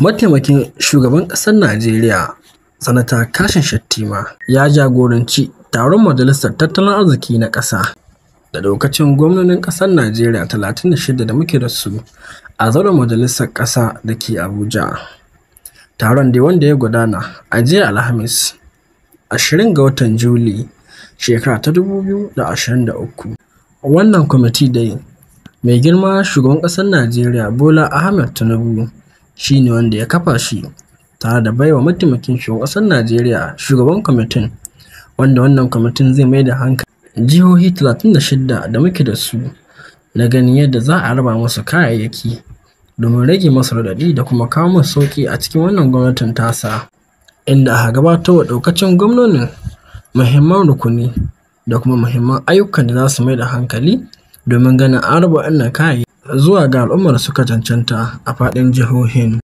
mataimakin shugaban ƙasar najeriya sanata kashin shattima ya jagoranci taron majalisar tattalin arziki na ƙasa da lokacin gwamnonin ƙasar najeriya 36 da muke da su a zauren majalisar ƙasa da ke abuja taron dai wanda ya gudana a jiya alhamis 20 ga watan juli shekara ta 2023 wannan kwamiti dai mai girma shugaban ƙasar najeriya bola ahmed tinubu shi ne wanda ya kafa shi tare da baiwa mataimakin shugaban Najeriya shugaban kwamitin wanda wannan kwamitin zai mai da hankali jihohi 36 da muke da su na ganin yadda za a raba masu kayayyaki domin rage masu raɗaɗi da kuma kawo musu sauƙi a cikin wannan gwamnatin tasa inda a gabata wa daukacin gwamnonin muhimman rukuni da kuma muhimman ayyukan da za su mai da hankali domin ganin an raba wannan kayayyaki zuwa ga al'ummar suka cancanta a faɗin jihohin.